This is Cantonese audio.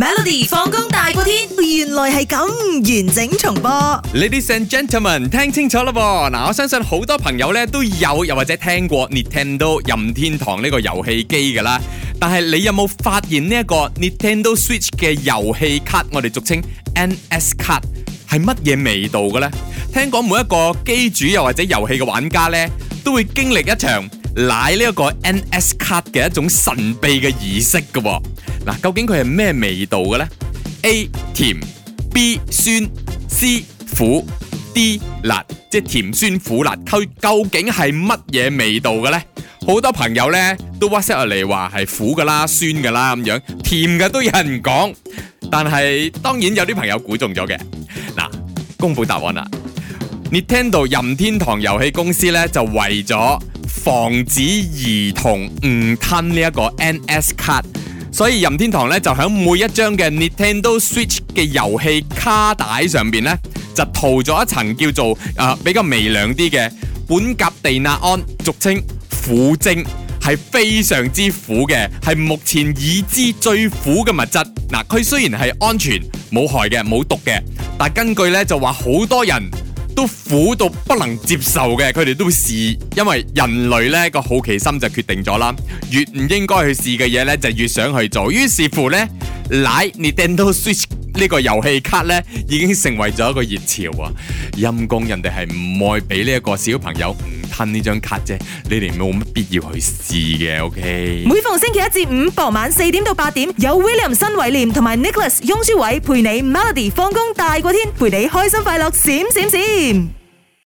Melody 放工大過天，原來係咁完整重播。Ladies and gentlemen，聽清楚啦，嗱，我相信好多朋友咧都有又或者聽過 Nintendo 任天堂呢個遊戲機噶啦，但係你有冇發現呢一個 Nintendo Switch 嘅遊戲卡，我哋俗稱 NS 卡，係乜嘢味道嘅咧？聽講每一個機主又或者遊戲嘅玩家咧，都會經歷一場瀨呢一個 NS 卡嘅一種神秘嘅儀式噶。嗱，究竟佢係咩味道嘅咧？A 甜，B 酸，C 苦，D 辣，即係甜酸苦辣。佢究竟係乜嘢味道嘅咧？好多朋友咧都 WhatsApp 落嚟話係苦噶啦、酸噶啦咁樣，甜嘅都有人講，但係當然有啲朋友估中咗嘅。嗱，公布答案啦，Nintendo 任天堂遊戲公司咧就為咗防止兒童誤吞呢一個 N S 卡。所以任天堂咧就響每一張嘅 Nintendo Switch 嘅遊戲卡帶上邊咧，就塗咗一層叫做誒、呃、比較微亮微量啲嘅苯甲地那胺，俗稱苦精，係非常之苦嘅，係目前已知最苦嘅物質。嗱、呃，佢雖然係安全冇害嘅、冇毒嘅，但根據咧就話好多人，都苦到不能接受嘅，佢哋都試，因為人類呢個好奇心就決定咗啦，越唔應該去試嘅嘢咧就越想去做，於是乎咧，Nintendo Switch 呢個遊戲卡咧，已經成為咗一個熱潮啊！陰公人哋係唔愛俾呢一個小朋友。噴呢張卡啫，你哋冇乜必要去試嘅，OK。每逢星期一至五傍晚四點到八點，有 William 新偉廉同埋 Nicholas 翁舒偉陪你 Melody 放工大過天，陪你開心快樂閃閃閃，閃閃閃。